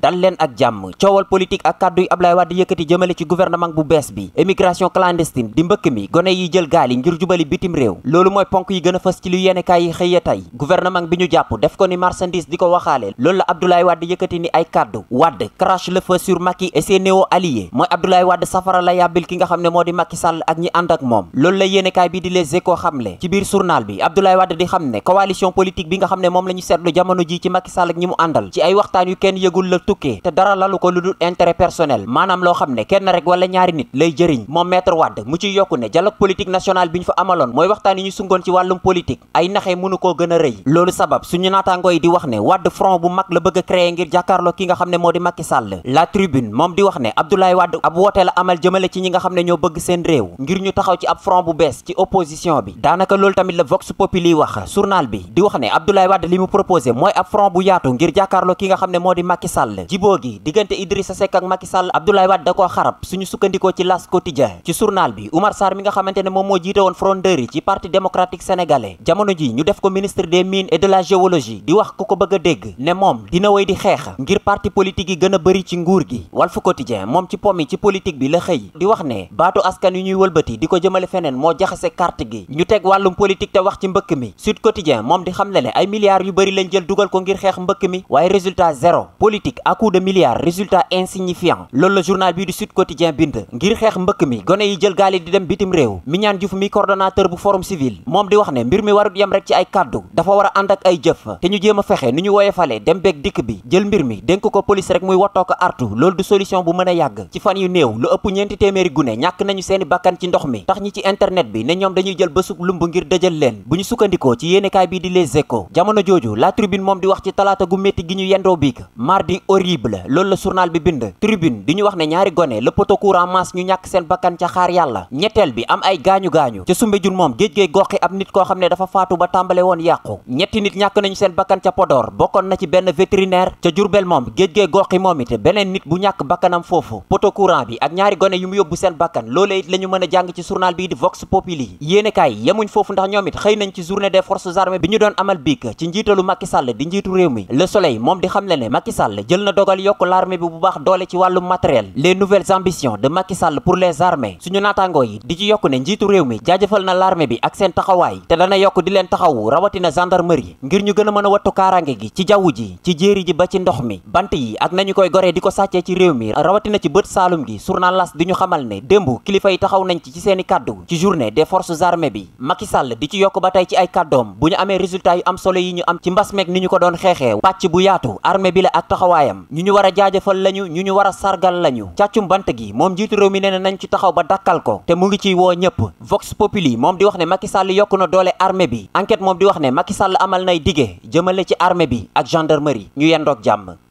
dal leen ak jàmm coowal politique ak kàddu yu Ablaye Wade yëkkati jëmale ci gouvernement bu bees bi émigration clandestine di mbëkk mi gone yi jël gaal yi ngir jubali bitim réew loolu mooy ponk yi gën a fës ci lu yéenekaay yi xëy tey gouvernement bi ñu jàpp def ko ni marchandise di ko waxaale loolu la Abdoulaye Wade yëkkati ni ay kàddu Wade crache le sur Macky et ses néo alliés mooy Abdoulaye Wade safara la yàbbil ki nga xam ne moo di Macky Sall ak ñi ànd ak moom loolu la yéenekaay bi di Les Échos xamle ci biir journal bi Abdoulaye Wade tukkee te dara lalu ko lu dul intérêt personnel maanaam loo xam ne kenn rek wala ñaari nit lay jëriñ moom maître Wade mu ci yokku ne dialogue politique national bi ñu fa amaloon mooy waxtaan yi ñu sungoon ci wàllum politique ay naxee mënu koo gën a rëy loolu sabab suñu naataangoo yi di wax ne Wade front bu mag la bëgg a créer ngir jàkkaarloo ki nga xam ne moo di Macky Sall la tribune moom di wax ne Abdoulaye Wade ab wootee la amal jëmale ci ñi nga xam ne ñoo Sall jiboo gi diggante Idrissa Seck ak Macky Sall Abdoulaye Wade da koo xarab suñu sukkandikoo ci L'As Quotidien ci journal bi Oumar Sarr mi nga xamante ne moom moo jiite woon frondeur yi ci parti démocratique sénégalais jamono ji ñu def ko ministre des mines et de la géologie di wax ku ko bëgg a dégg ne moom dina woy di xeex ngir parti politique yi gën a bëri ci nguur gi Walf Quotidien moom ci pomi ci politique bi la xëy di wax ne baatu askan yu ñuy wëlbati di ko moom di xam ne ne ay milliards yu bëri lañ jël dugal ko ngir xeex mbëkk mi waaye résultat à coups de milliards résultat insignifiant loolu la journal bii di Sud Quotidien bind ngir xeex mbëkk mi gone yi jël gaale di dem bitim réew Mignane Diouf mi coordonnateur bu forum civil moom di wax ne mbir mi warut yem rek ci ay kàddu dafa war a ànd ak ay jëf te ñu jéem a fexe ni ñu woyofale dem beeg dikk bi jël mbir mi dénk ko police rek muy wattoo ko artu loolu du solution bu mën a yàgg ci fan yu néew lu ëpp ñeenti téeméeri gune ñàkk nañu seeni bakkan ci ndox mi tax ñi ci bi ne ñoom dañuy jël bésub lumb leen bu ñu ci yéenekaay bii di Les Échos jamono jooju la tribune wax ci talaata gu métti gi ñu yendoo horrible loolu la journal bi bind tribune di ñu wax ne ñaari gone le poto courant masse ñu ñàkk seen bakkan ca xaar yàlla ñetteel bi am ay gaañu-gaañu ca Soumbédioune moom géej géey goxi ab nit koo xam ne dafa faatu ba tàmbale woon yàqu ñetti nit ñàkk nañu seen bakkan ca Podor bokkoon na ci benn vétérinaire ca Jurbel moom géej géey goxi moom it beneen nit bu ñàkk bakkanam foofu poto courant bi ak ñaari gone yu mu yóbbu seen bakkan loolee it la ñu a jàng ci jël na dogal yokk l'armée bi bu baax doole ci wàllu matériel les nouvelles ambitions de Macky Sall pour les armées suñu naataangoo yi di ci yokk ne njiitu réew mi jaajëfal na l'armée bi ak seen taxawaay te dana yokk di leen taxawu rawatina gendarmerie ngir ñu gën a a wattu kaaraange gi ci jaww ji ci jéeri ji ba ci ndox mi bant yi ak nañu koy goree di ko sàccee ci réew mi rawatina ci bët saalum gi journal L'As di ñu xamal ne démb kilifa yi taxaw nañ taxawaayam ñu ñu war a jaajëfal lañu ñu ñu war a sargal lañu càccum bant gi moom jiitu réew mi nee na nañ ci taxaw ba dakkal ko te mu ngi ciy woo ñëpp vox populi moom di wax ne Macky Sall yokku na doole armée bi enquête moom di wax ne Macky Sall amal nay dige jëmale ci armée bi ak gendarmerie ñu yendoog jàmm